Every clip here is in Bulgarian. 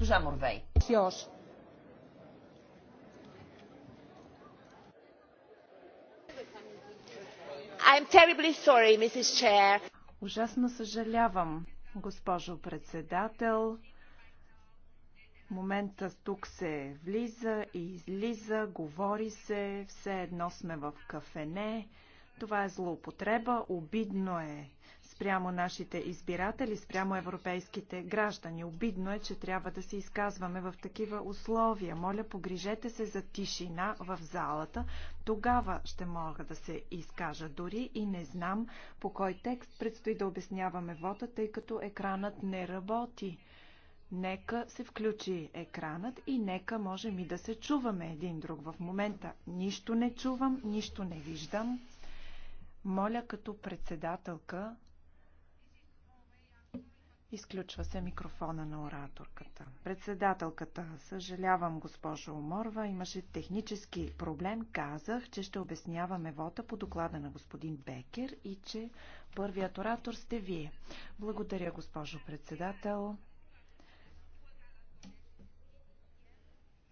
Госпожа Морвей. I'm terribly sorry, Mrs. Chair. Ужасно съжалявам, госпожо председател. Момента тук се влиза и излиза, говори се, все едно сме в кафене. Това е злоупотреба, обидно е спрямо нашите избиратели, спрямо европейските граждани. Обидно е, че трябва да се изказваме в такива условия. Моля, погрижете се за тишина в залата. Тогава ще мога да се изкажа дори и не знам по кой текст предстои да обясняваме вода, тъй като екранът не работи. Нека се включи екранът и нека можем и да се чуваме един друг. В момента нищо не чувам, нищо не виждам. Моля като председателка Изключва се микрофона на ораторката. Председателката, съжалявам, госпожо Уморва, имаше технически проблем. Казах, че ще обясняваме вота по доклада на господин Бекер и че първият оратор сте вие. Благодаря, госпожо председател.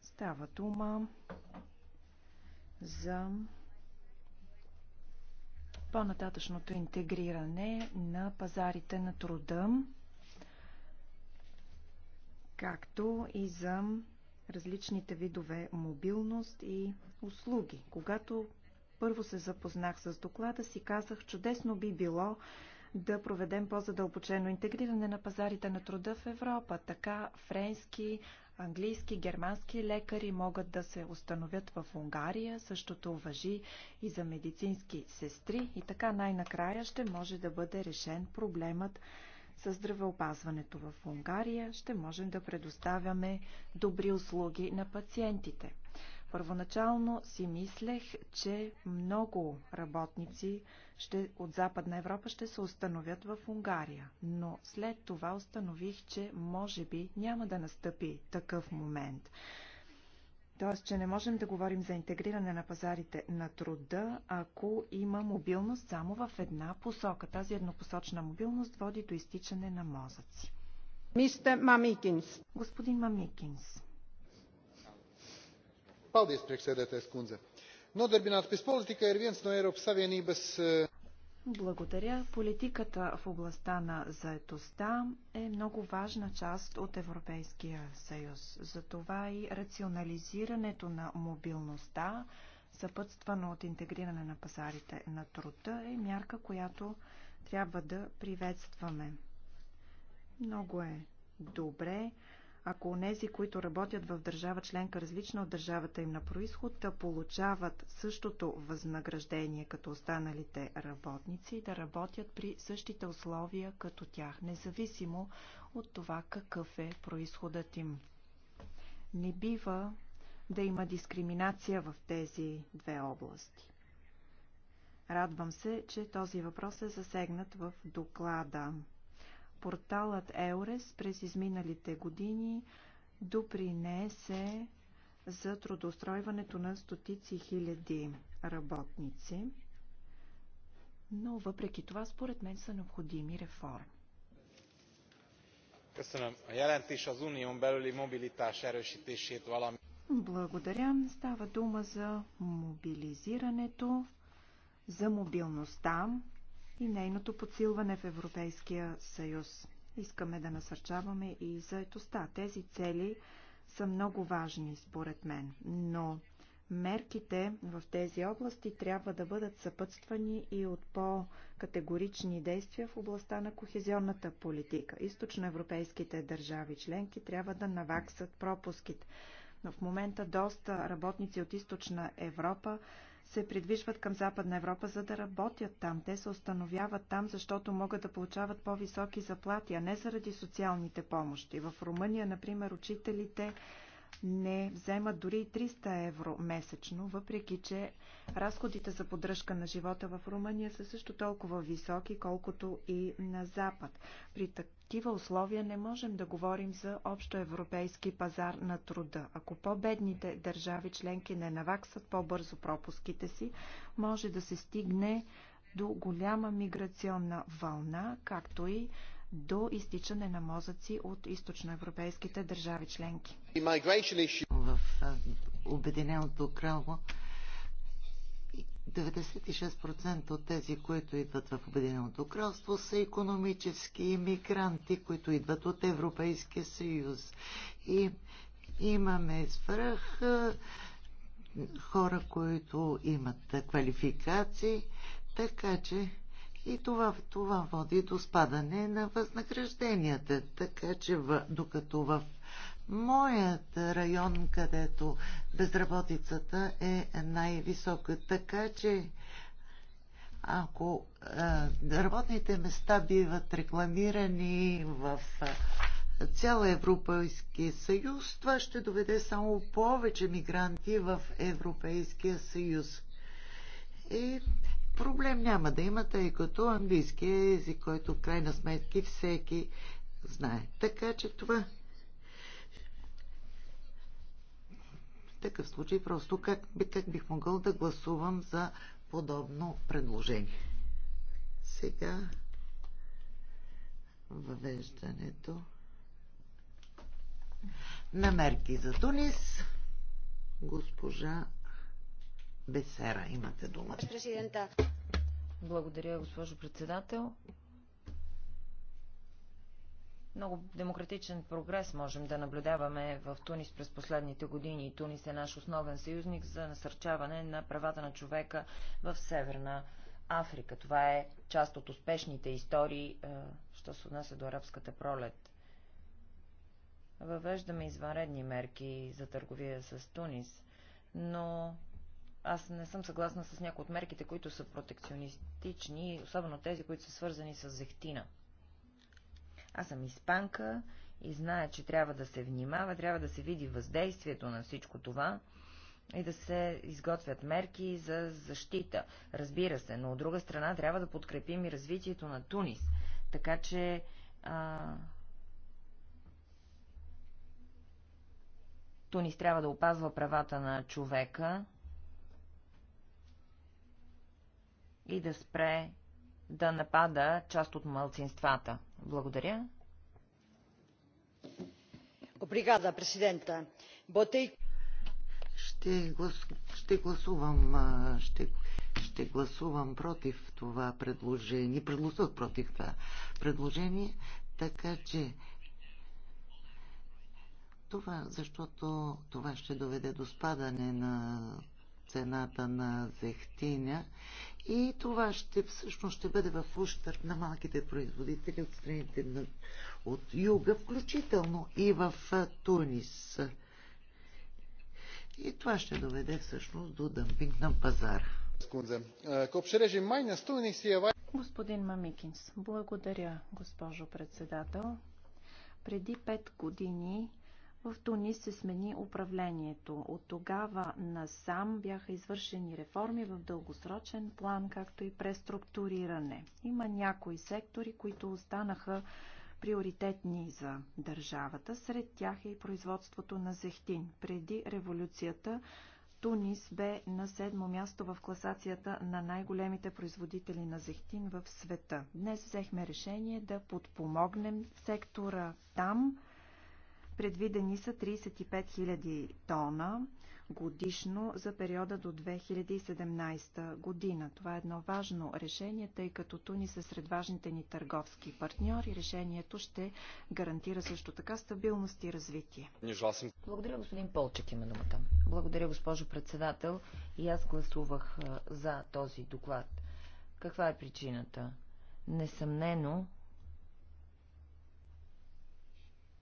Става дума за по-нататъчното интегриране на пазарите на труда както и за различните видове мобилност и услуги. Когато първо се запознах с доклада си, казах, чудесно би било да проведем по-задълбочено интегриране на пазарите на труда в Европа. Така френски, английски, германски лекари могат да се установят в Унгария. Същото въжи и за медицински сестри. И така най-накрая ще може да бъде решен проблемът с здравеопазването в Унгария, ще можем да предоставяме добри услуги на пациентите. Първоначално си мислех, че много работници ще, от Западна Европа ще се установят в Унгария, но след това установих, че може би няма да настъпи такъв момент. Тоест, че не можем да говорим за интегриране на пазарите на труда, ако има мобилност само в една посока. Тази еднопосочна мобилност води до изтичане на мозъци. Мистер Мамикинс. Господин Мамикинс. Paldies, priekšsēdētājs kundze. Nodarbinātības politika ir viens савия ни без... Благодаря. Политиката в областта на заетостта е много важна част от Европейския съюз. Затова и рационализирането на мобилността, съпътствано от интегриране на пазарите на труда, е мярка, която трябва да приветстваме. Много е добре, ако онези, които работят в държава членка, различна от държавата им на происход, да получават същото възнаграждение като останалите работници и да работят при същите условия като тях, независимо от това какъв е происходът им. Не бива да има дискриминация в тези две области. Радвам се, че този въпрос е засегнат в доклада. Порталът Еурес през изминалите години допринесе за трудоустройването на стотици хиляди работници, но въпреки това според мен са необходими реформи. Благодаря. Става дума за мобилизирането, за мобилността, и нейното подсилване в Европейския съюз. Искаме да насърчаваме и заетостта. Тези цели са много важни, според мен, но мерките в тези области трябва да бъдат съпътствани и от по-категорични действия в областта на кохезионната политика. Източноевропейските държави членки трябва да наваксат пропуските. Но в момента доста работници от източна Европа се придвижват към Западна Европа, за да работят там. Те се установяват там, защото могат да получават по-високи заплати, а не заради социалните помощи. В Румъния, например, учителите не вземат дори 300 евро месечно, въпреки че разходите за поддръжка на живота в Румъния са също толкова високи, колкото и на Запад. При так такива условия не можем да говорим за общоевропейски пазар на труда. Ако по-бедните държави членки не наваксат по-бързо пропуските си, може да се стигне до голяма миграционна вълна, както и до изтичане на мозъци от източноевропейските държави членки. В Обединеното кралство 96% от тези, които идват в Обединеното кралство, са економически иммигранти, които идват от Европейския съюз. И имаме свръх хора, които имат квалификации, така че и това, това води до спадане на възнагражденията. Така че, докато в моят район, където безработицата е най-висока. Така че ако а, работните места биват рекламирани в а, цял Европейски съюз, това ще доведе само повече мигранти в Европейския съюз. И проблем няма да има, тъй като английския език, който в крайна сметки всеки знае. Така че това такъв случай просто как, как бих могъл да гласувам за подобно предложение. Сега въвеждането на мерки за Тунис. Госпожа Бесера, имате думата. Благодаря, госпожо председател. Много демократичен прогрес можем да наблюдаваме в Тунис през последните години. Тунис е наш основен съюзник за насърчаване на правата на човека в Северна Африка. Това е част от успешните истории, е, що се отнася до арабската пролет. Въвеждаме извънредни мерки за търговия с Тунис, но аз не съм съгласна с някои от мерките, които са протекционистични, особено тези, които са свързани с зехтина – аз съм испанка и зная, че трябва да се внимава, трябва да се види въздействието на всичко това и да се изготвят мерки за защита. Разбира се, но от друга страна трябва да подкрепим и развитието на Тунис. Така че а... Тунис трябва да опазва правата на човека и да спре да напада част от мълцинствата. Благодаря. Обригада, президента. Ботей... Ще, глас... ще гласувам, ще, ще гласувам против това предложение. Предложат против това предложение, така че това, защото това ще доведе до спадане на цената на зехтиня и това ще, всъщност ще бъде в ущърп на малките производители от страните на, от юга, включително и в Тунис. И това ще доведе всъщност до дъмпинг на пазара. Е Господин Мамикинс, благодаря, госпожо председател. Преди пет години в Тунис се смени управлението. От тогава насам бяха извършени реформи в дългосрочен план, както и преструктуриране. Има някои сектори, които останаха приоритетни за държавата. Сред тях е и производството на зехтин. Преди революцията Тунис бе на седмо място в класацията на най-големите производители на зехтин в света. Днес взехме решение да подпомогнем сектора там, Предвидени са 35 000 тона годишно за периода до 2017 година. Това е едно важно решение, тъй като Туни са сред важните ни търговски партньори. Решението ще гарантира също така стабилност и развитие. Благодаря, господин Полчек, има думата. Благодаря, госпожо председател. И аз гласувах за този доклад. Каква е причината? Несъмнено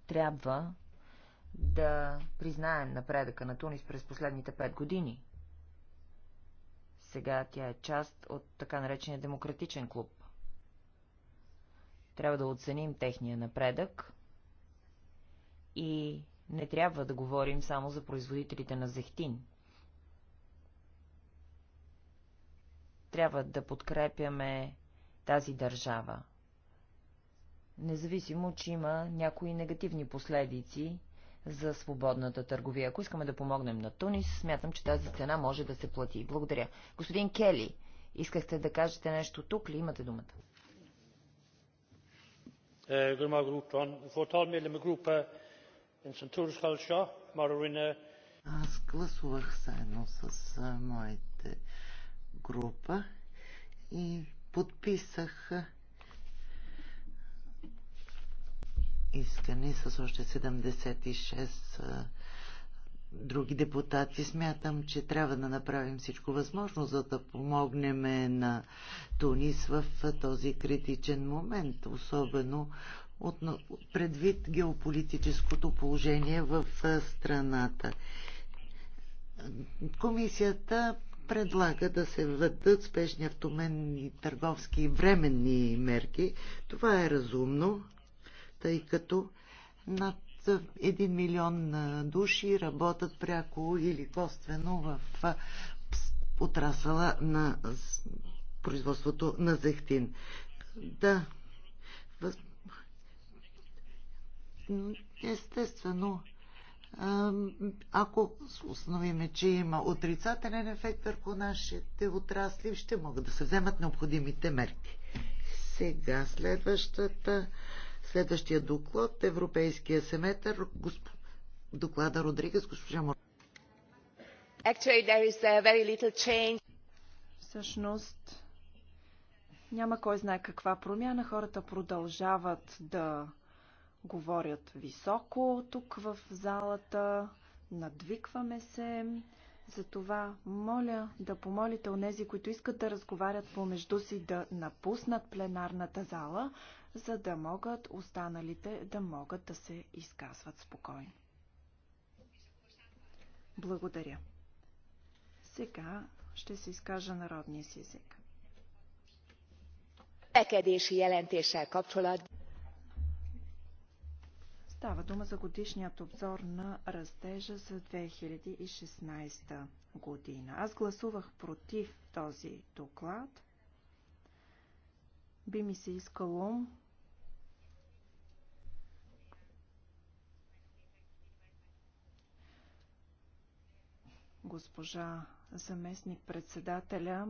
трябва да признаем напредъка на Тунис през последните пет години. Сега тя е част от така наречения демократичен клуб. Трябва да оценим техния напредък и не трябва да говорим само за производителите на зехтин. Трябва да подкрепяме тази държава. Независимо, че има някои негативни последици за свободната търговия. Ако искаме да помогнем на Тунис, смятам, че тази цена може да се плати. Благодаря. Господин Кели, искахте да кажете нещо тук ли? Имате думата. Аз гласувах заедно с моите група и подписах искане с още 76 други депутати. Смятам, че трябва да направим всичко възможно, за да помогнем на Тунис в този критичен момент, особено от, предвид геополитическото положение в страната. Комисията предлага да се въдат спешни автоменни търговски и временни мерки. Това е разумно тъй като над 1 милион души работят пряко или коствено в отрасъла на производството на зехтин. Да, естествено, ако установиме, че има отрицателен ефект върху нашите отрасли, ще могат да се вземат необходимите мерки. Сега следващата Следващия доклад Европейския семетър госп... доклада Родригес госпожа Мор. Uh, Всъщност няма кой знае каква промяна. Хората продължават да говорят високо тук в залата, надвикваме се. Затова моля да помолите онези, които искат да разговарят помежду си, да напуснат пленарната зала за да могат останалите да могат да се изказват спокойно. Благодаря. Сега ще се изкажа народния си език. Става дума за годишният обзор на растежа за 2016 година. Аз гласувах против този доклад. Би ми се искало госпожа заместник-председателя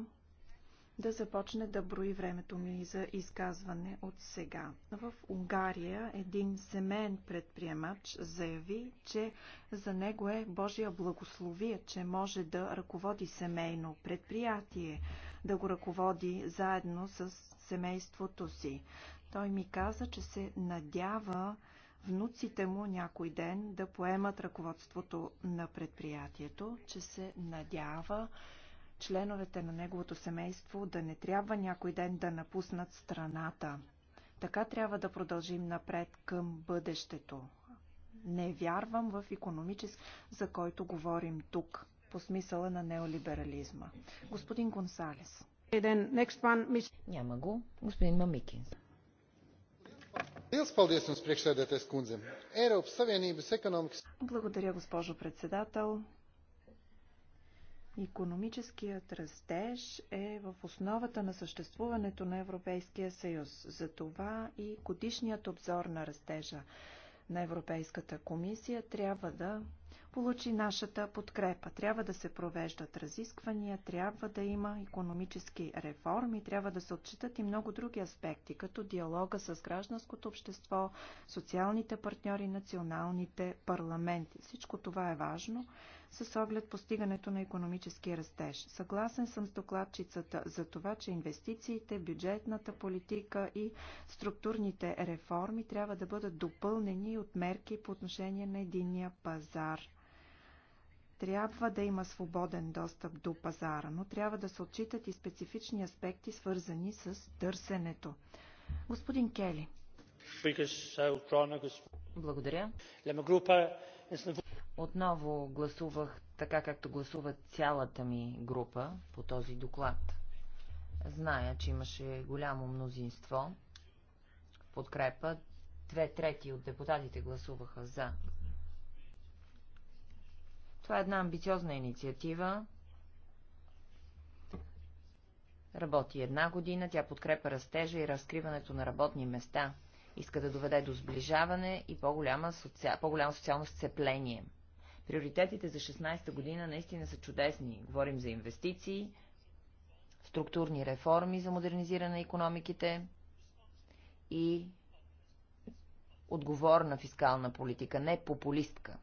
да започне да брои времето ми за изказване от сега. В Унгария един семейен предприемач заяви, че за него е Божия благословие, че може да ръководи семейно предприятие, да го ръководи заедно с семейството си. Той ми каза, че се надява внуците му някой ден да поемат ръководството на предприятието, че се надява членовете на неговото семейство да не трябва някой ден да напуснат страната. Така трябва да продължим напред към бъдещето. Не вярвам в економически, за който говорим тук, по смисъла на неолиберализма. Господин Гонсалес. Няма го. Господин Мамикинс. Благодаря, госпожо председател. Економическият растеж е в основата на съществуването на Европейския съюз. Затова и годишният обзор на растежа на Европейската комисия трябва да получи нашата подкрепа. Трябва да се провеждат разисквания, трябва да има економически реформи, трябва да се отчитат и много други аспекти, като диалога с гражданското общество, социалните партньори, националните парламенти. Всичко това е важно с оглед постигането на економически растеж. Съгласен съм с докладчицата за това, че инвестициите, бюджетната политика и структурните реформи трябва да бъдат допълнени от мерки по отношение на единния пазар. Трябва да има свободен достъп до пазара, но трябва да се отчитат и специфични аспекти, свързани с търсенето. Господин Кели. Благодаря. Отново гласувах така, както гласува цялата ми група по този доклад. Зная, че имаше голямо мнозинство подкрепа. Две трети от депутатите гласуваха за това е една амбициозна инициатива. Работи една година, тя подкрепа растежа и разкриването на работни места. Иска да доведе до сближаване и по-голямо соци... по социално сцепление. Приоритетите за 16-та година наистина са чудесни. Говорим за инвестиции, структурни реформи за модернизиране на економиките и отговорна фискална политика, не популистка.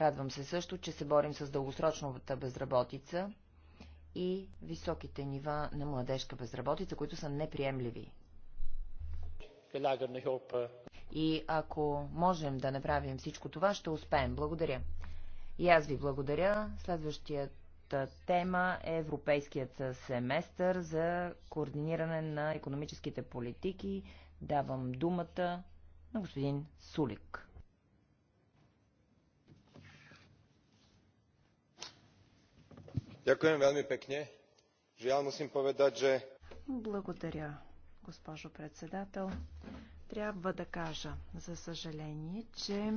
Радвам се също, че се борим с дългосрочната безработица и високите нива на младежка безработица, които са неприемливи. Eh, и ако можем да направим всичко това, ще успеем. Благодаря. И аз ви благодаря. Следващията тема е Европейският семестър за координиране на економическите политики. Давам думата на господин Сулик. Ďakujem veľmi pekne. Žiaľ musím povedať, že... Благодаря, госпожо председател. Трябва да кажа, за съжаление, че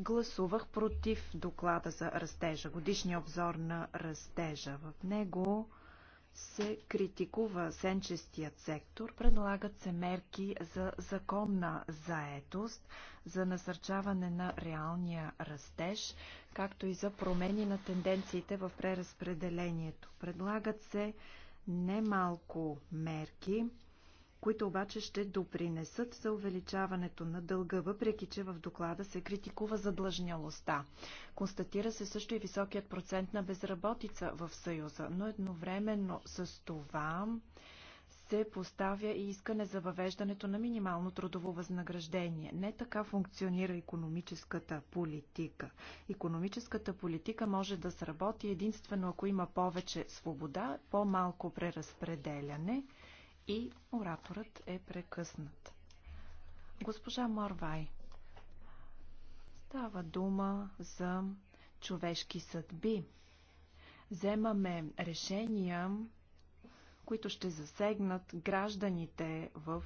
гласувах против доклада за растежа, годишния обзор на растежа. В него се критикува сенчестият сектор, предлагат се мерки за законна заетост, за насърчаване на реалния растеж, както и за промени на тенденциите в преразпределението. Предлагат се немалко мерки, които обаче ще допринесат за увеличаването на дълга, въпреки че в доклада се критикува задлъжнялостта. Констатира се също и високият процент на безработица в Съюза, но едновременно с това се поставя и искане за въвеждането на минимално трудово възнаграждение. Не така функционира економическата политика. Економическата политика може да сработи единствено ако има повече свобода, по-малко преразпределяне – и ораторът е прекъснат. Госпожа Морвай, става дума за човешки съдби. Вземаме решения, които ще засегнат гражданите в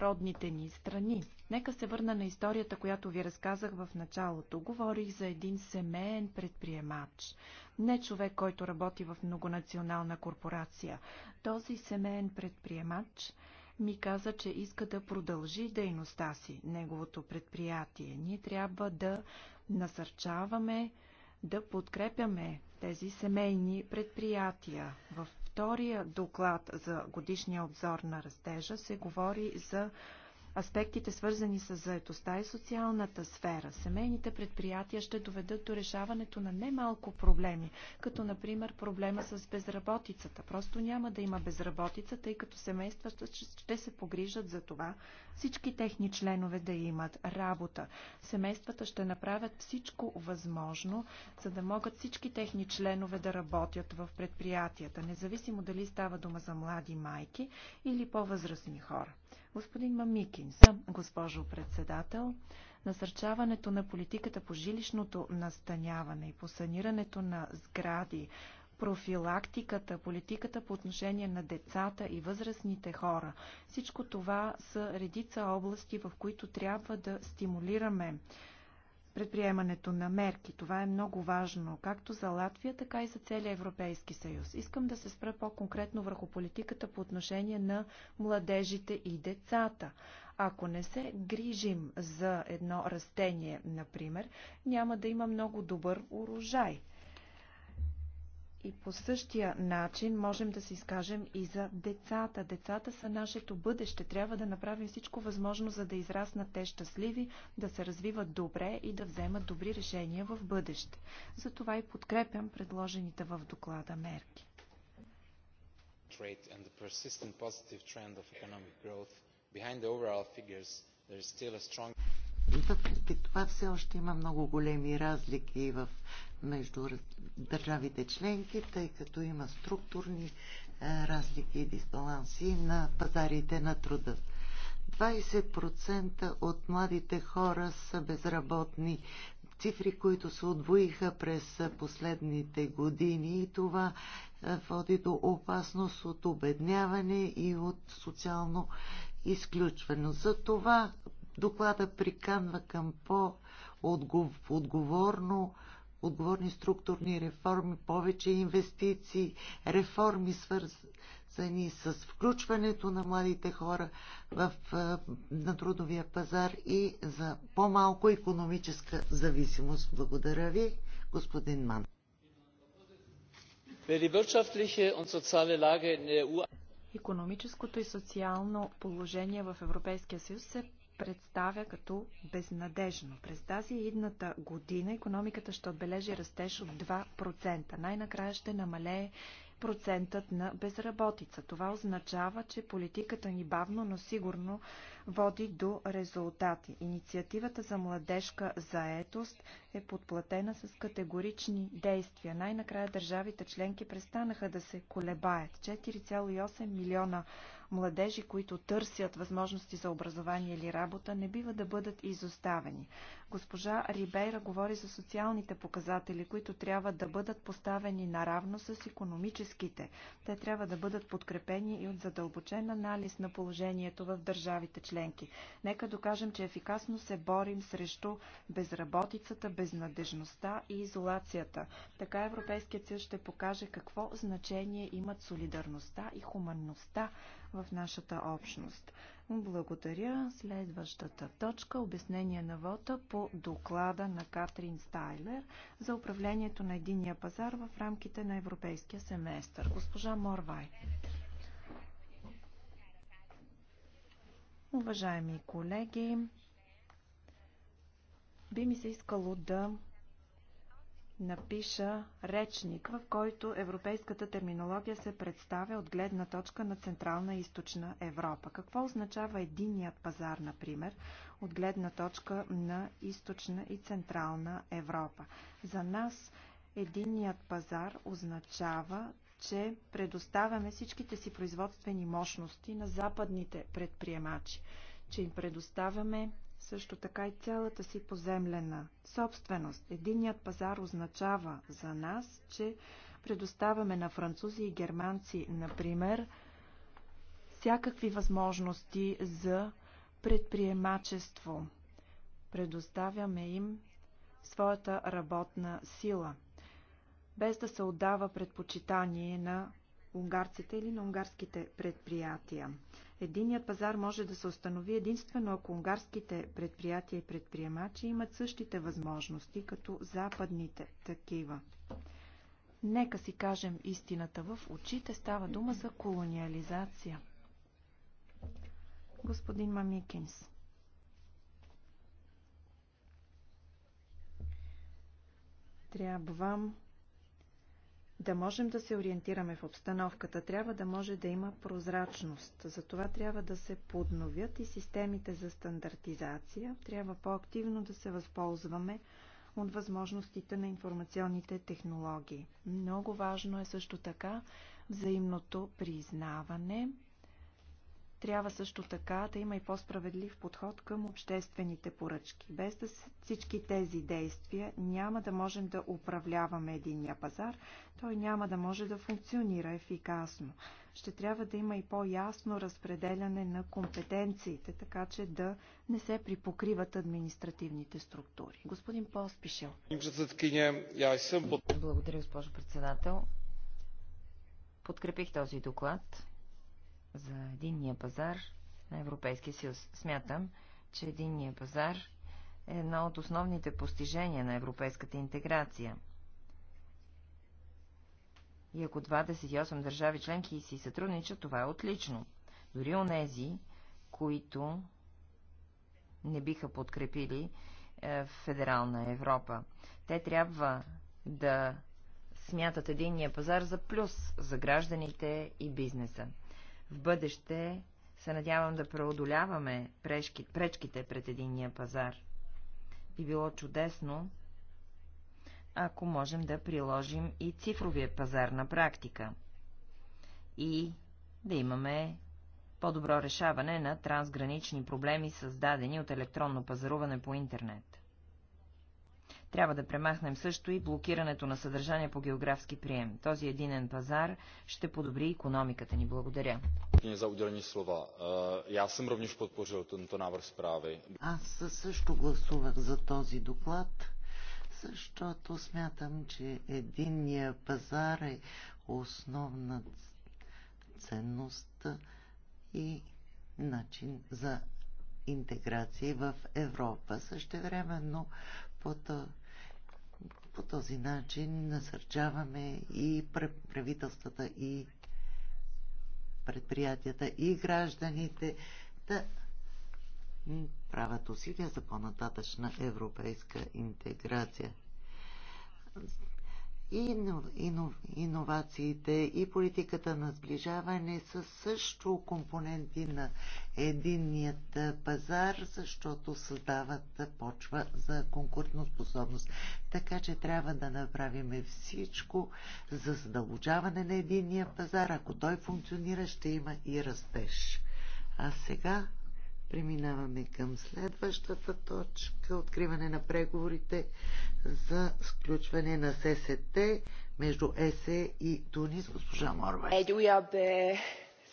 родните ни страни. Нека се върна на историята, която ви разказах в началото. Говорих за един семейен предприемач. Не човек, който работи в многонационална корпорация. Този семейен предприемач ми каза, че иска да продължи дейността си, неговото предприятие. Ние трябва да насърчаваме, да подкрепяме тези семейни предприятия в втория доклад за годишния обзор на растежа се говори за Аспектите свързани с заетостта и социалната сфера, семейните предприятия ще доведат до решаването на немалко проблеми, като например проблема с безработицата. Просто няма да има безработица, тъй като семействата ще се погрижат за това всички техни членове да имат работа. Семействата ще направят всичко възможно, за да могат всички техни членове да работят в предприятията, независимо дали става дума за млади майки или по-възрастни хора. Господин Мамикинс, госпожо председател, насърчаването на политиката по жилищното настаняване и по санирането на сгради, профилактиката, политиката по отношение на децата и възрастните хора. Всичко това са редица области, в които трябва да стимулираме предприемането на мерки. Това е много важно, както за Латвия, така и за целия Европейски съюз. Искам да се спра по-конкретно върху политиката по отношение на младежите и децата. Ако не се грижим за едно растение, например, няма да има много добър урожай – и по същия начин можем да се изкажем и за децата. Децата са нашето бъдеще. Трябва да направим всичко възможно, за да израснат те щастливи, да се развиват добре и да вземат добри решения в бъдеще. Затова и подкрепям предложените в доклада мерки. И това все още има много големи разлики в, между държавите членки, тъй като има структурни е, разлики и дисбаланси на пазарите на труда. 20% от младите хора са безработни. Цифри, които се отвоиха през последните години и това е, води до опасност от обедняване и от социално изключване. За това Доклада приканва към по-отговорно отговорни структурни реформи, повече инвестиции, реформи свързани с включването на младите хора в, на трудовия пазар и за по-малко економическа зависимост. Благодаря ви, господин Ман. Економическото и социално положение в Европейския съюз се представя като безнадежно. През тази идната година економиката ще отбележи растеж от 2%. Най-накрая ще намалее процентът на безработица. Това означава, че политиката ни бавно, но сигурно води до резултати. Инициативата за младежка заетост е подплатена с категорични действия. Най-накрая държавите членки престанаха да се колебаят. 4,8 милиона младежи, които търсят възможности за образование или работа, не бива да бъдат изоставени. Госпожа Рибейра говори за социалните показатели, които трябва да бъдат поставени наравно с економическите. Те трябва да бъдат подкрепени и от задълбочен анализ на положението в държавите членки. Нека докажем, че ефикасно се борим срещу безработицата, безнадежността и изолацията. Така Европейският съюз ще покаже какво значение имат солидарността и хуманността в нашата общност. Благодаря. Следващата точка – обяснение на вота по доклада на Катрин Стайлер за управлението на единия пазар в рамките на европейския семестър. Госпожа Морвай. Уважаеми колеги, би ми се искало да напиша речник, в който европейската терминология се представя от гледна точка на Централна и Източна Европа. Какво означава единният пазар, например, от гледна точка на Източна и Централна Европа? За нас единният пазар означава, че предоставяме всичките си производствени мощности на западните предприемачи, че им предоставяме също така и цялата си поземлена собственост. Единият пазар означава за нас, че предоставяме на французи и германци, например, всякакви възможности за предприемачество. Предоставяме им своята работна сила, без да се отдава предпочитание на унгарците или на унгарските предприятия. Единият пазар може да се установи единствено ако унгарските предприятия и предприемачи имат същите възможности като западните такива. Нека си кажем истината в очите, става дума за колониализация. Господин Мамикинс. Трябва да можем да се ориентираме в обстановката, трябва да може да има прозрачност. Затова трябва да се подновят и системите за стандартизация. Трябва по-активно да се възползваме от възможностите на информационните технологии. Много важно е също така взаимното признаване трябва също така да има и по-справедлив подход към обществените поръчки. Без да всички тези действия няма да можем да управляваме единния пазар, той няма да може да функционира ефикасно. Ще трябва да има и по-ясно разпределяне на компетенциите, така че да не се припокриват административните структури. Господин Поспишел. Благодаря, госпожо председател. Подкрепих този доклад за единния пазар на Европейския съюз. Смятам, че единния пазар е едно от основните постижения на европейската интеграция. И ако 28 държави членки си сътрудничат, това е отлично. Дори онези, които не биха подкрепили е, федерална Европа. Те трябва да смятат единния пазар за плюс за гражданите и бизнеса. В бъдеще се надявам да преодоляваме прешки, пречките пред единния пазар. Би било чудесно, ако можем да приложим и цифровия пазар на практика и да имаме по-добро решаване на трансгранични проблеми, създадени от електронно пазаруване по интернет. Трябва да премахнем също и блокирането на съдържание по географски прием. Този единен пазар ще подобри економиката ни. Благодаря. За удирани слова. Аз съм равниш подпожил тънто навър справи. Аз също гласувах за този доклад, защото смятам, че единния пазар е основна ценност и начин за интеграция в Европа. Същевременно по, по този начин насърчаваме и правителствата, и предприятията, и гражданите да правят усилия за по-нататъчна европейска интеграция и иновациите и политиката на сближаване са също компоненти на единният пазар, защото създават почва за способност. Така че трябва да направим всичко за задълбочаване на единния пазар. Ако той функционира, ще има и растеж. А сега Преминаваме към следващата точка. Откриване на преговорите за сключване на ССТ между ЕСЕ и Тунис. Госпожа Морва. Е,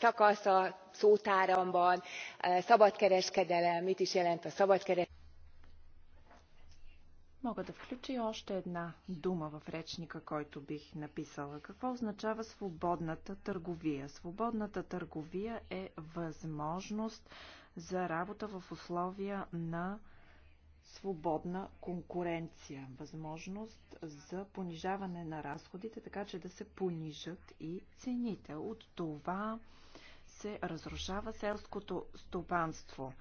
szakasz a szótáramban. Е, szabadkereskedelem. Mit is jelent a szabadkereskedelem? Мога да включа и още една дума в речника, който бих написала. Какво означава свободната търговия? Свободната търговия е възможност за работа в условия на свободна конкуренция, възможност за понижаване на разходите, така че да се понижат и цените. От това се разрушава селското стопанство.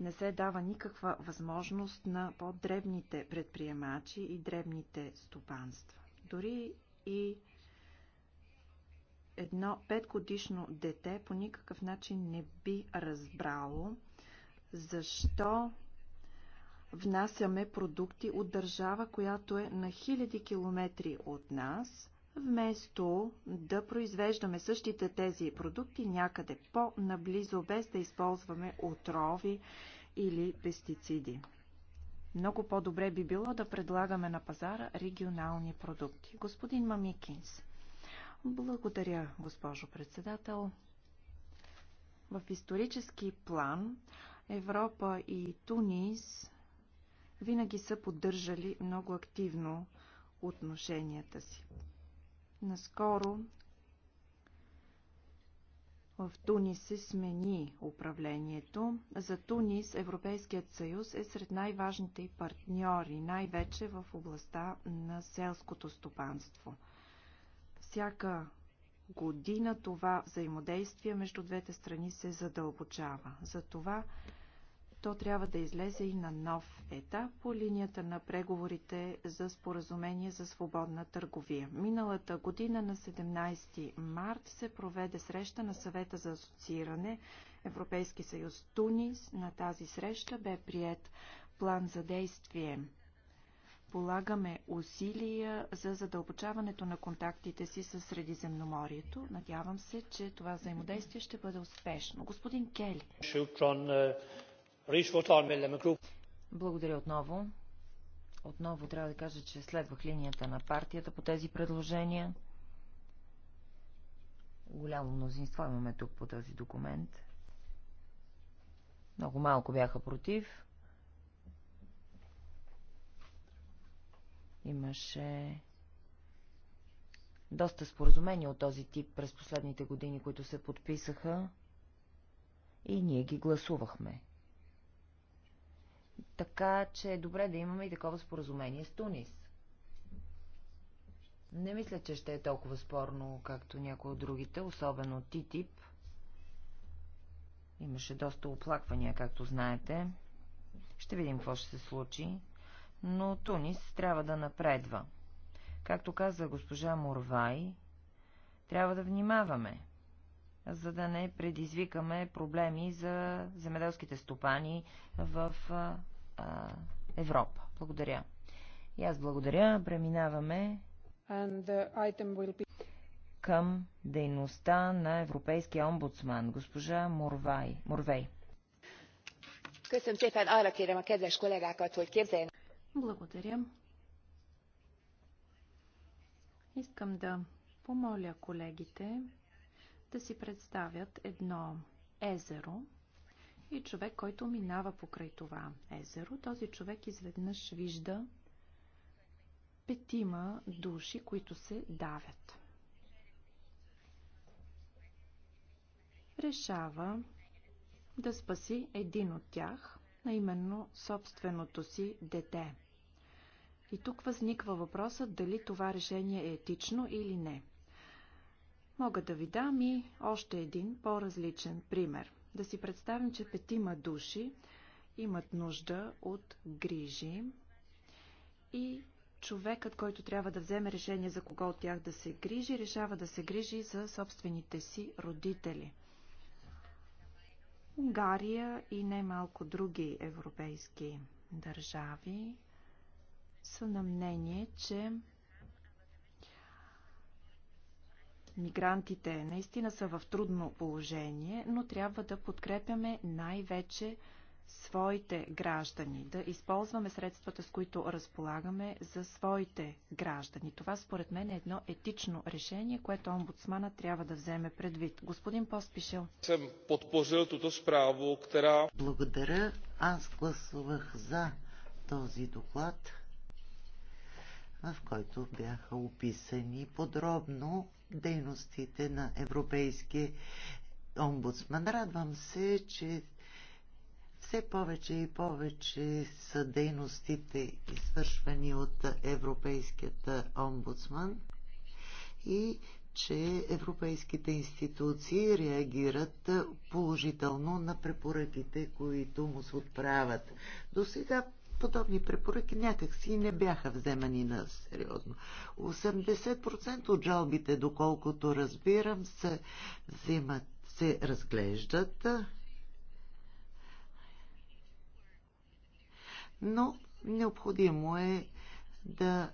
Не се дава никаква възможност на по-дребните предприемачи и дребните стопанства. Дори и едно петгодишно дете по никакъв начин не би разбрало защо внасяме продукти от държава, която е на хиляди километри от нас, вместо да произвеждаме същите тези продукти някъде по-наблизо, без да използваме отрови или пестициди. Много по-добре би било да предлагаме на пазара регионални продукти. Господин Мамикинс. Благодаря, госпожо председател. В исторически план Европа и Тунис винаги са поддържали много активно отношенията си. Наскоро в Тунис се смени управлението. За Тунис Европейският съюз е сред най-важните партньори, най-вече в областта на селското стопанство – всяка година това взаимодействие между двете страни се задълбочава. Затова то трябва да излезе и на нов етап по линията на преговорите за споразумение за свободна търговия. Миналата година на 17 март се проведе среща на съвета за асоцииране Европейски съюз Тунис. На тази среща бе прият план за действие полагаме усилия за задълбочаването на контактите си с Средиземноморието. Надявам се, че това взаимодействие ще бъде успешно. Господин Кели. Благодаря отново. Отново трябва да кажа, че следвах линията на партията по тези предложения. Голямо мнозинство имаме тук по този документ. Много малко бяха против. Имаше доста споразумения от този тип през последните години, които се подписаха и ние ги гласувахме. Така че е добре да имаме и такова споразумение с Тунис. Не мисля, че ще е толкова спорно, както някои от другите, особено ТИТИП. Имаше доста оплаквания, както знаете. Ще видим какво ще се случи но Тунис трябва да напредва. Както каза госпожа Морвай, трябва да внимаваме, за да не предизвикаме проблеми за земеделските стопани в а, а, Европа. Благодаря. И аз благодаря. Преминаваме be... към дейността на Европейския омбудсман, госпожа Морвай. Морвей. Köszönöm szépen, arra kérem a kedves kollégákat, hogy képzeljenek. Благодаря. Искам да помоля колегите да си представят едно езеро и човек, който минава покрай това езеро. Този човек изведнъж вижда петима души, които се давят. Решава да спаси един от тях, а именно собственото си дете. И тук възниква въпросът дали това решение е етично или не. Мога да ви дам и още един по-различен пример. Да си представим, че петима души имат нужда от грижи и човекът, който трябва да вземе решение за кого от тях да се грижи, решава да се грижи за собствените си родители. Унгария и немалко други европейски държави са на мнение, че мигрантите наистина са в трудно положение, но трябва да подкрепяме най-вече своите граждани, да използваме средствата, с които разполагаме за своите граждани. Това според мен е едно етично решение, което омбудсмана трябва да вземе предвид. Господин Поспишел. Съм подпожил тото справо, která... Благодаря. Аз гласувах за този доклад в който бяха описани подробно дейностите на Европейския омбудсман. Радвам се, че все повече и повече са дейностите извършвани от Европейският омбудсман и че европейските институции реагират положително на препоръките, които му се отправят. До сега подобни препоръки някакси не бяха вземани на сериозно. 80% от жалбите, доколкото разбирам, се взимат, се разглеждат, но необходимо е да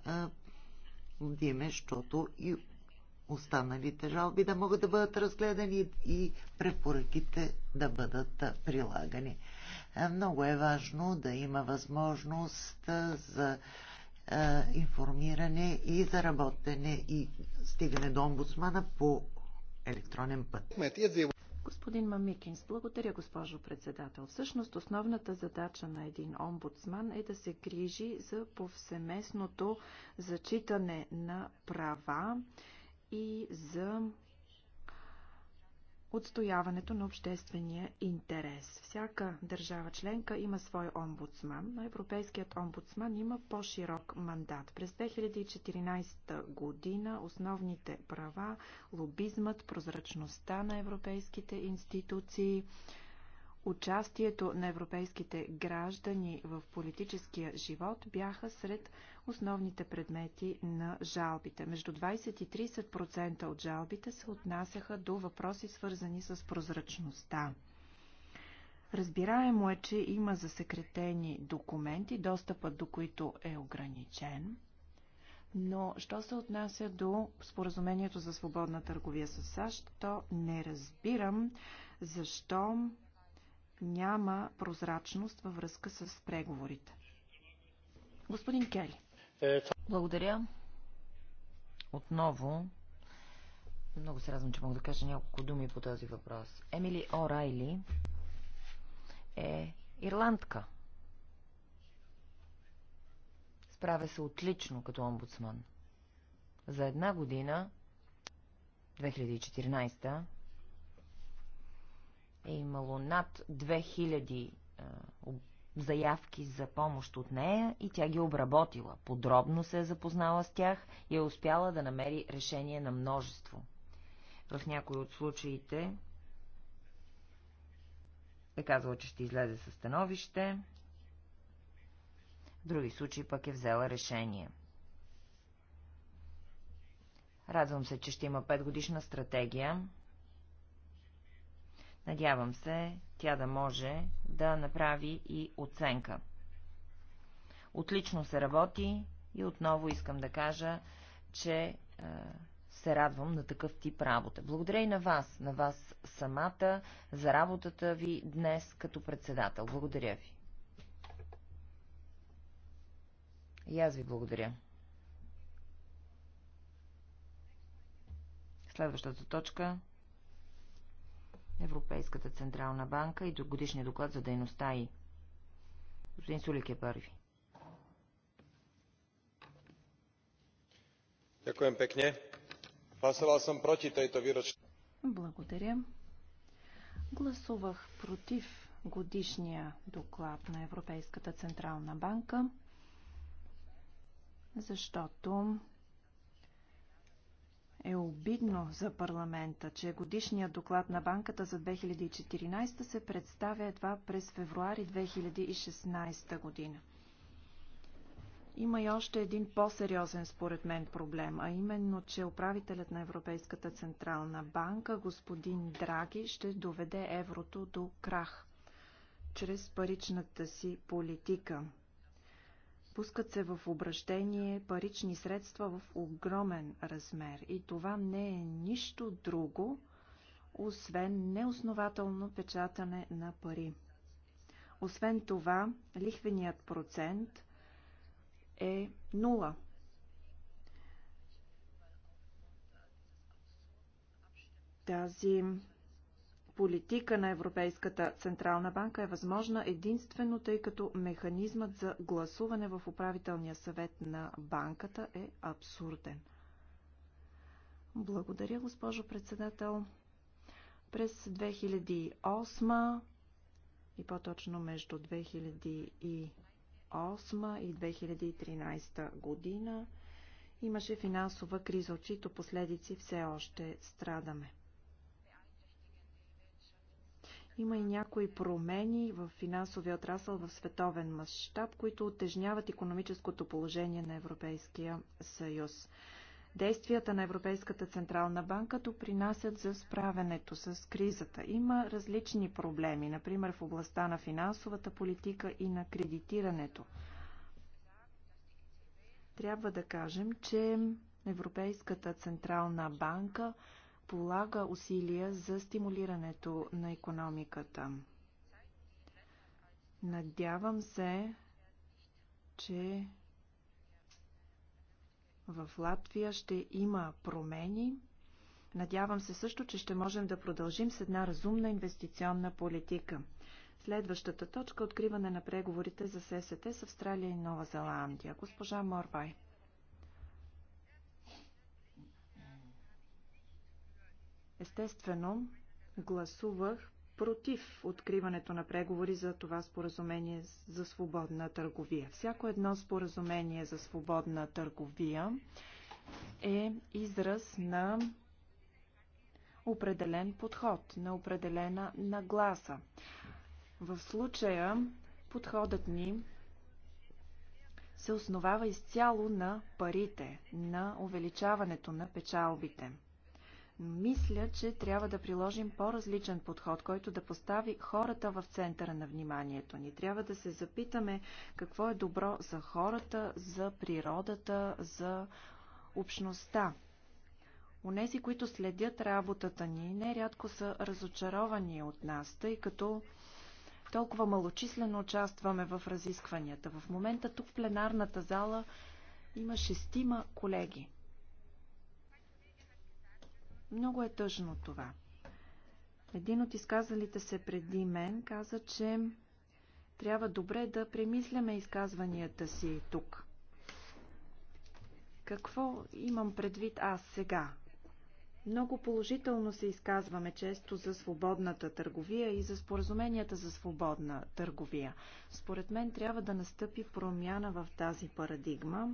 диме, защото и останалите жалби да могат да бъдат разгледани и препоръките да бъдат прилагани много е важно да има възможност за информиране и за работене и стигане до омбудсмана по електронен път. Господин Мамикинс, благодаря, госпожо председател. Всъщност основната задача на един омбудсман е да се грижи за повсеместното зачитане на права и за отстояването на обществения интерес. Всяка държава членка има свой омбудсман, но Европейският омбудсман има по-широк мандат. През 2014 година основните права, лобизмът, прозрачността на европейските институции, участието на европейските граждани в политическия живот бяха сред основните предмети на жалбите. Между 20 и 30% от жалбите се отнасяха до въпроси свързани с прозрачността. Разбираемо е, че има засекретени документи, достъпът до които е ограничен. Но, що се отнася до споразумението за свободна търговия с САЩ, то не разбирам защо няма прозрачност във връзка с преговорите. Господин Кели. Е, Благодаря. Отново много се радвам, че мога да кажа няколко думи по този въпрос. Емили О'Райли е ирландка. Справя се отлично като омбудсман. За една година, 2014 е имало над 2000 а, заявки за помощ от нея и тя ги обработила. Подробно се е запознала с тях и е успяла да намери решение на множество. В някои от случаите е казала, че ще излезе със становище, в други случаи пък е взела решение. Радвам се, че ще има 5 годишна стратегия Надявам се, тя да може да направи и оценка. Отлично се работи и отново искам да кажа, че е, се радвам на такъв тип работа. Благодаря и на вас, на вас самата, за работата ви днес като председател. Благодаря ви. И аз ви благодаря. Следващата точка Европейската Централна банка и годишния доклад за дейността и. Господин Сулик е първи. Дякуем пекне. Hlasoval съм против тъйто výročnej. Благодаря. Гласувах против годишния доклад на Европейската Централна банка, защото е обидно за парламента, че годишният доклад на банката за 2014 се представя едва през февруари 2016 година. Има и още един по-сериозен според мен проблем, а именно, че управителят на Европейската Централна банка, господин Драги, ще доведе еврото до крах чрез паричната си политика. Пускат се в обращение парични средства в огромен размер и това не е нищо друго, освен неоснователно печатане на пари. Освен това, лихвеният процент е нула. Тази политика на Европейската Централна банка е възможна единствено тъй като механизмът за гласуване в управителния съвет на банката е абсурден. Благодаря, госпожо председател. През 2008 и по-точно между 2008 и 2013 година имаше финансова криза, от чието последици все още страдаме. Има и някои промени в финансовия отрасъл в световен мащаб, които отежняват економическото положение на Европейския съюз. Действията на Европейската Централна банка допринасят за справенето с кризата. Има различни проблеми, например в областта на финансовата политика и на кредитирането. Трябва да кажем, че Европейската Централна банка – полага усилия за стимулирането на економиката. Надявам се, че в Латвия ще има промени. Надявам се също, че ще можем да продължим с една разумна инвестиционна политика. Следващата точка – откриване на преговорите за ССТ с Австралия и Нова Зеландия. Госпожа Морвай. Естествено, гласувах против откриването на преговори за това споразумение за свободна търговия. Всяко едно споразумение за свободна търговия е израз на определен подход, на определена нагласа. В случая подходът ни се основава изцяло на парите, на увеличаването на печалбите – мисля, че трябва да приложим по-различен подход, който да постави хората в центъра на вниманието ни. Трябва да се запитаме какво е добро за хората, за природата, за общността. Унези, които следят работата ни, нерядко са разочаровани от нас, тъй като толкова малочислено участваме в разискванията. В момента тук в пленарната зала има шестима колеги. Много е тъжно това. Един от изказалите се преди мен каза, че трябва добре да премисляме изказванията си тук. Какво имам предвид аз сега? Много положително се изказваме често за свободната търговия и за споразуменията за свободна търговия. Според мен трябва да настъпи промяна в тази парадигма,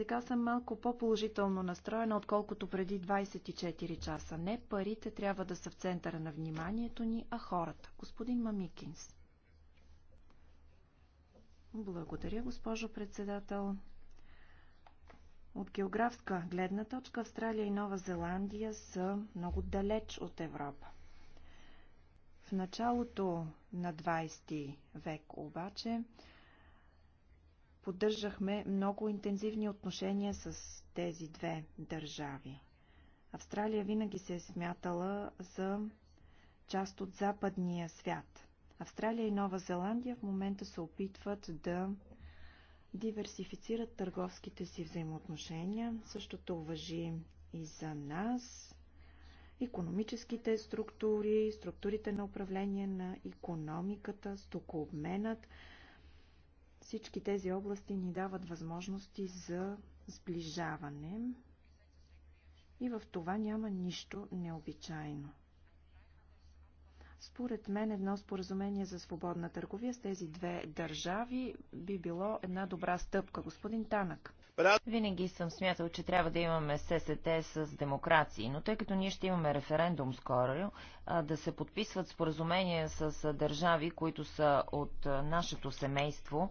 Сега съм малко по-положително настроена, отколкото преди 24 часа. Не парите трябва да са в центъра на вниманието ни, а хората. Господин Мамикинс. Благодаря, госпожо председател. От географска гледна точка Австралия и Нова Зеландия са много далеч от Европа. В началото на 20 век обаче поддържахме много интензивни отношения с тези две държави. Австралия винаги се е смятала за част от западния свят. Австралия и Нова Зеландия в момента се опитват да диверсифицират търговските си взаимоотношения. Същото въжи и за нас. Економическите структури, структурите на управление на економиката, стокообменът – всички тези области ни дават възможности за сближаване и в това няма нищо необичайно. Според мен едно споразумение за свободна търговия с тези две държави би било една добра стъпка. Господин Танък. Винаги съм смятал, че трябва да имаме ССТ с демокрации, но тъй като ние ще имаме референдум скоро, да се подписват споразумения с държави, които са от нашето семейство,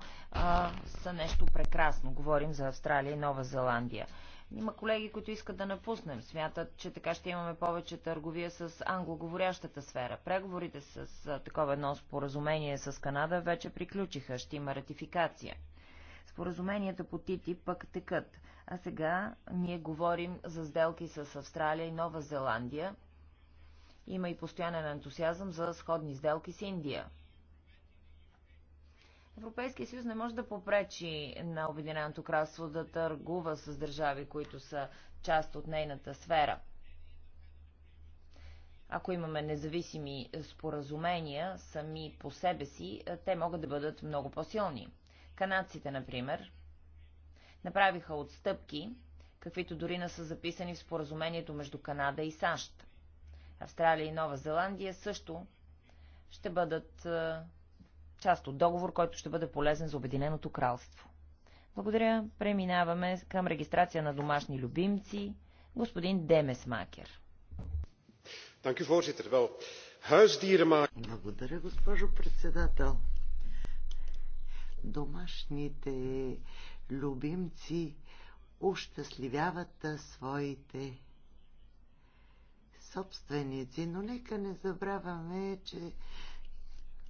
са нещо прекрасно. Говорим за Австралия и Нова Зеландия. Има колеги, които искат да напуснем. Смятат, че така ще имаме повече търговия с англоговорящата сфера. Преговорите с такова едно споразумение с Канада вече приключиха. Ще има ратификация. Споразуменията по ТИТИ пък текат. А сега ние говорим за сделки с Австралия и Нова Зеландия. Има и постоянен ентусиазъм за сходни сделки с Индия. Европейския съюз не може да попречи на Обединеното кралство да търгува с държави, които са част от нейната сфера. Ако имаме независими споразумения сами по себе си, те могат да бъдат много по-силни. Канадците, например, направиха отстъпки, каквито дори не са записани в споразумението между Канада и САЩ. Австралия и Нова Зеландия също ще бъдат е, част от договор, който ще бъде полезен за Обединеното кралство. Благодаря. Преминаваме към регистрация на домашни любимци. Господин Демес Макер. Благодаря, госпожо председател домашните любимци ущастливяват своите собственици, но нека не забравяме, че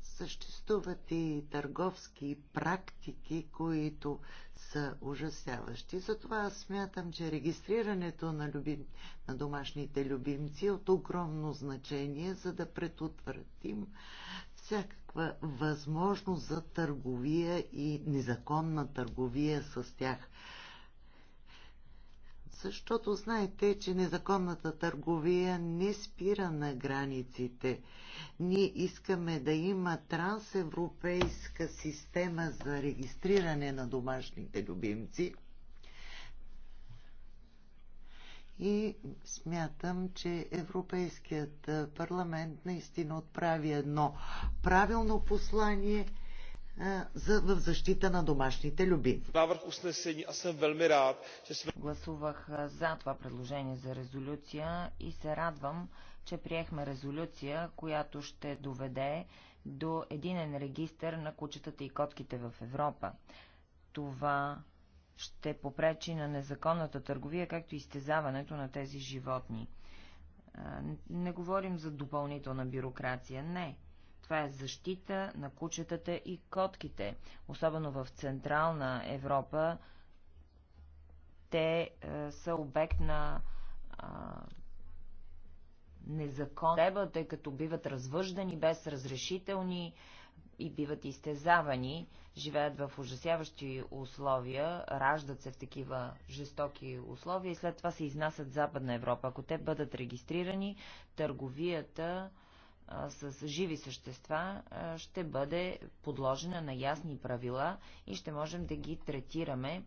съществуват и търговски практики, които са ужасяващи. Затова аз смятам, че регистрирането на, любим... на домашните любимци е от огромно значение, за да предотвратим всякаква възможност за търговия и незаконна търговия с тях. Защото знаете, че незаконната търговия не спира на границите. Ние искаме да има трансевропейска система за регистриране на домашните любимци – и смятам, че Европейският парламент наистина отправи едно правилно послание за, в защита на домашните люби. Гласувах за това предложение за резолюция и се радвам, че приехме резолюция, която ще доведе до единен регистр на кучетата и котките в Европа. Това ще попречи на незаконната търговия, както и изтезаването на тези животни. Не говорим за допълнителна бюрокрация, не. Това е защита на кучетата и котките. Особено в Централна Европа те е, са обект на е, незаконна тъй като биват развъждани без разрешителни, е, и биват изтезавани, живеят в ужасяващи условия, раждат се в такива жестоки условия и след това се изнасят Западна Европа. Ако те бъдат регистрирани, търговията а, с живи същества а, ще бъде подложена на ясни правила и ще можем да ги третираме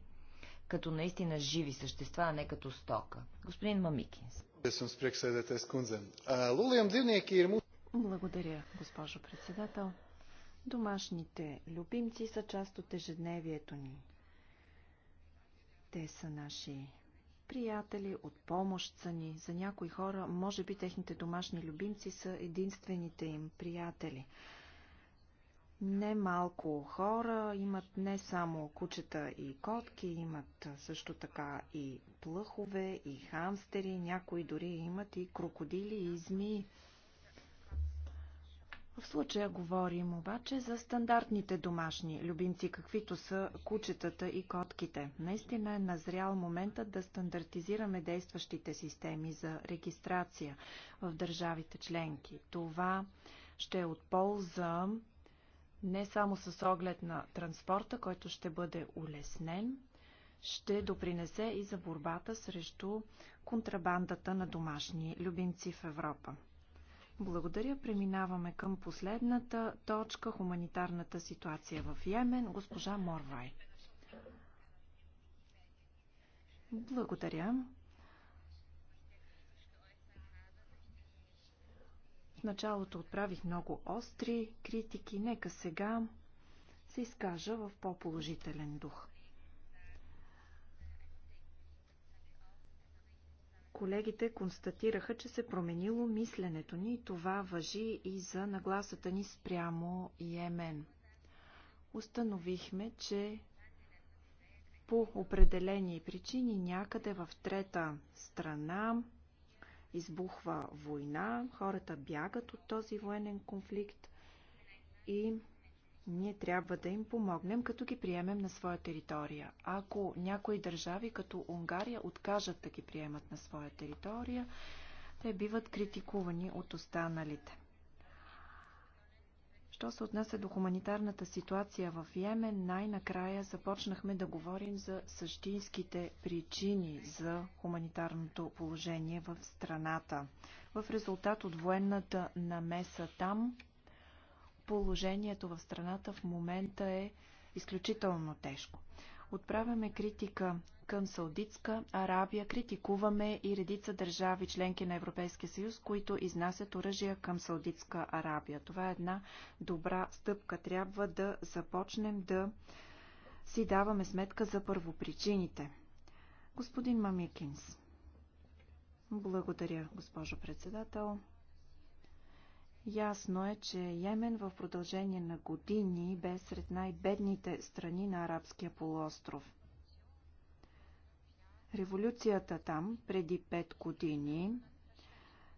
като наистина живи същества, а не като стока. Господин Мамикинс. Е, Благодаря, госпожо председател. Домашните любимци са част от ежедневието ни. Те са наши приятели, от помощ са ни. За някои хора, може би, техните домашни любимци са единствените им приятели. Немалко хора имат не само кучета и котки, имат също така и плъхове, и хамстери, някои дори имат и крокодили и змии. В случая говорим обаче за стандартните домашни любимци, каквито са кучетата и котките. Наистина е назрял моментът да стандартизираме действащите системи за регистрация в държавите членки. Това ще е от полза не само с оглед на транспорта, който ще бъде улеснен, ще допринесе и за борбата срещу контрабандата на домашни любимци в Европа. Благодаря. Преминаваме към последната точка хуманитарната ситуация в Йемен. Госпожа Морвай. Благодаря. В началото отправих много остри критики. Нека сега се изкажа в по-положителен дух. Колегите констатираха, че се променило мисленето ни и това въжи и за нагласата ни спрямо Йемен. Установихме, че по определени причини някъде в трета страна избухва война, хората бягат от този военен конфликт и ние трябва да им помогнем, като ги приемем на своя територия. Ако някои държави, като Унгария, откажат да ги приемат на своя територия, те биват критикувани от останалите. Що се отнася до хуманитарната ситуация в Йемен, най-накрая започнахме да говорим за същинските причини за хуманитарното положение в страната. В резултат от военната намеса там, Положението в страната в момента е изключително тежко. Отправяме критика към Саудитска Арабия, критикуваме и редица държави, членки на Европейския съюз, които изнасят оръжия към Саудитска Арабия. Това е една добра стъпка. Трябва да започнем да си даваме сметка за първопричините. Господин Мамикинс. Благодаря, госпожо председател. Ясно е, че Йемен в продължение на години бе сред най-бедните страни на арабския полуостров. Революцията там преди пет години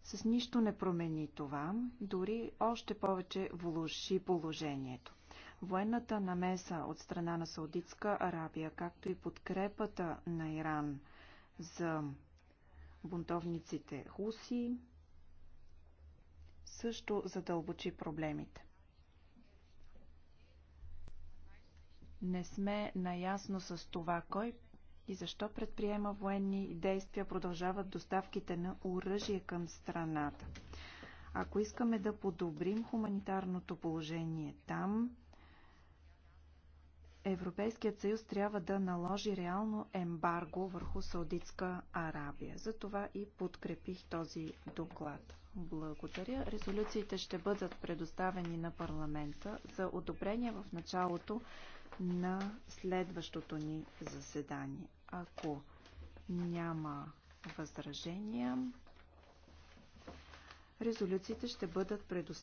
с нищо не промени това, дори още повече влуши положението. Военната намеса от страна на Саудитска Арабия, както и подкрепата на Иран за бунтовниците Хуси, също задълбочи проблемите. Не сме наясно с това кой и защо предприема военни действия, продължават доставките на оръжие към страната. Ако искаме да подобрим хуманитарното положение там, Европейският съюз трябва да наложи реално ембарго върху Саудитска Арабия. Затова и подкрепих този доклад. Благодаря. Резолюциите ще бъдат предоставени на парламента за одобрение в началото на следващото ни заседание. Ако няма възражения, резолюциите ще бъдат предоставени.